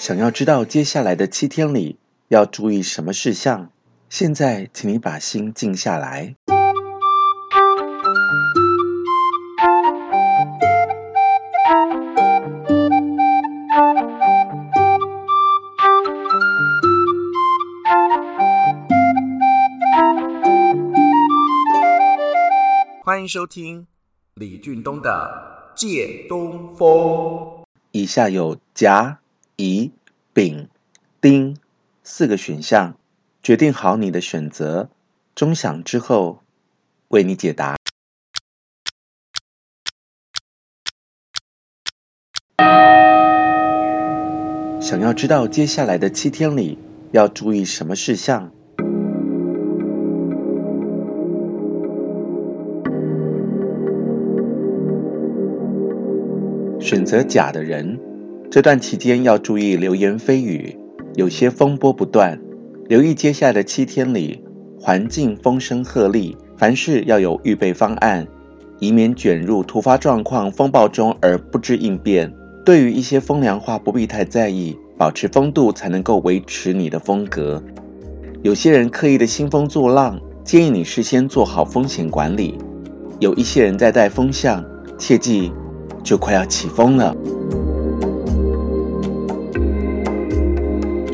想要知道接下來的七天裡要注意什麼事項，現在請你把心靜下來。歡迎收聽李俊東的《借東風》借東風，以下有甲、乙、丙、丁四個選項，決定好你的選擇，鐘響之後為你解答。想要知道接下來的七天裡要注意什麼事項？選擇甲的人，這段期間要注意流言蜚語，有些風波不斷。留意接下來的七天裡，環境風聲鶴唳，凡事要有預備方案，以免卷入突發狀況風暴中而不知應變。對於一些風涼話不必太在意，保持風度才能夠維持你的風格。有些人刻意的興風作浪，建議你事先做好風險管理。有一些人在帶風向，切記就快要起風了。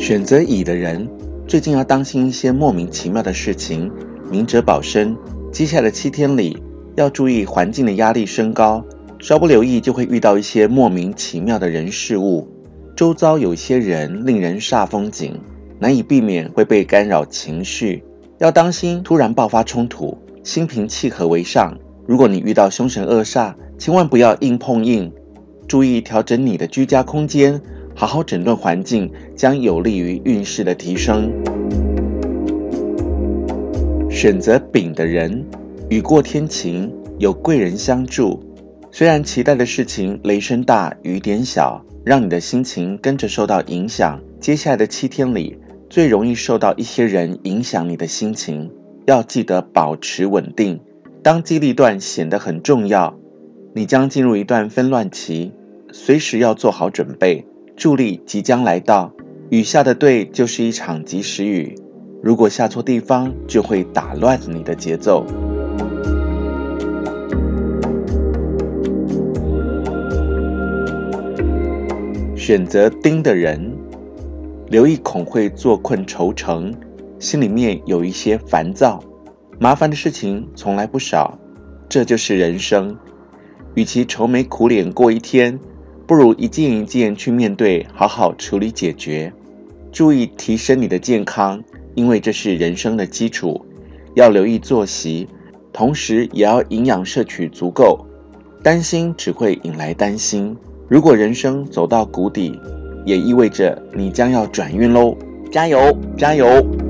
選擇乙的人最近要當心一些莫名其妙的事情，明哲保身。接下來的七天裡，要注意環境的壓力升高，稍不留意就會遇到一些莫名其妙的人事物。週遭有一些人令人煞風景，難以避免會被干擾情緒，要當心突然爆發衝突，心平氣和為上。如果你遇到凶神惡煞，千萬不要硬碰硬，注意調整你的居家空間。好好整頓環境，將有利於運勢的提升。選擇丙的人，雨過天晴，有貴人相助。雖然期待的事情雷聲大雨點小，讓你的心情跟着受到影響。接下來的七天裡，最容易受到一些人影響你的心情，要記得保持穩定，當機立斷顯得很重要。你將進入一段紛亂期，隨時要做好準備。助力即將來到，雨下的對，就是一場及時雨，如果下錯地方，就會打亂你的節奏。選擇丁的人，留意恐會坐困愁城，心裡面有一些煩躁，麻煩的事情從來不少，這就是人生。與其愁眉苦臉過一天。不如一件一件去面對，好好處理解決。注意提升你的健康，因為這是人生的基礎。要留意作息，同時也要營養攝取足夠。擔心只會引來擔心。如果人生走到谷底，也意味着你將要轉運嘍！加油，加油！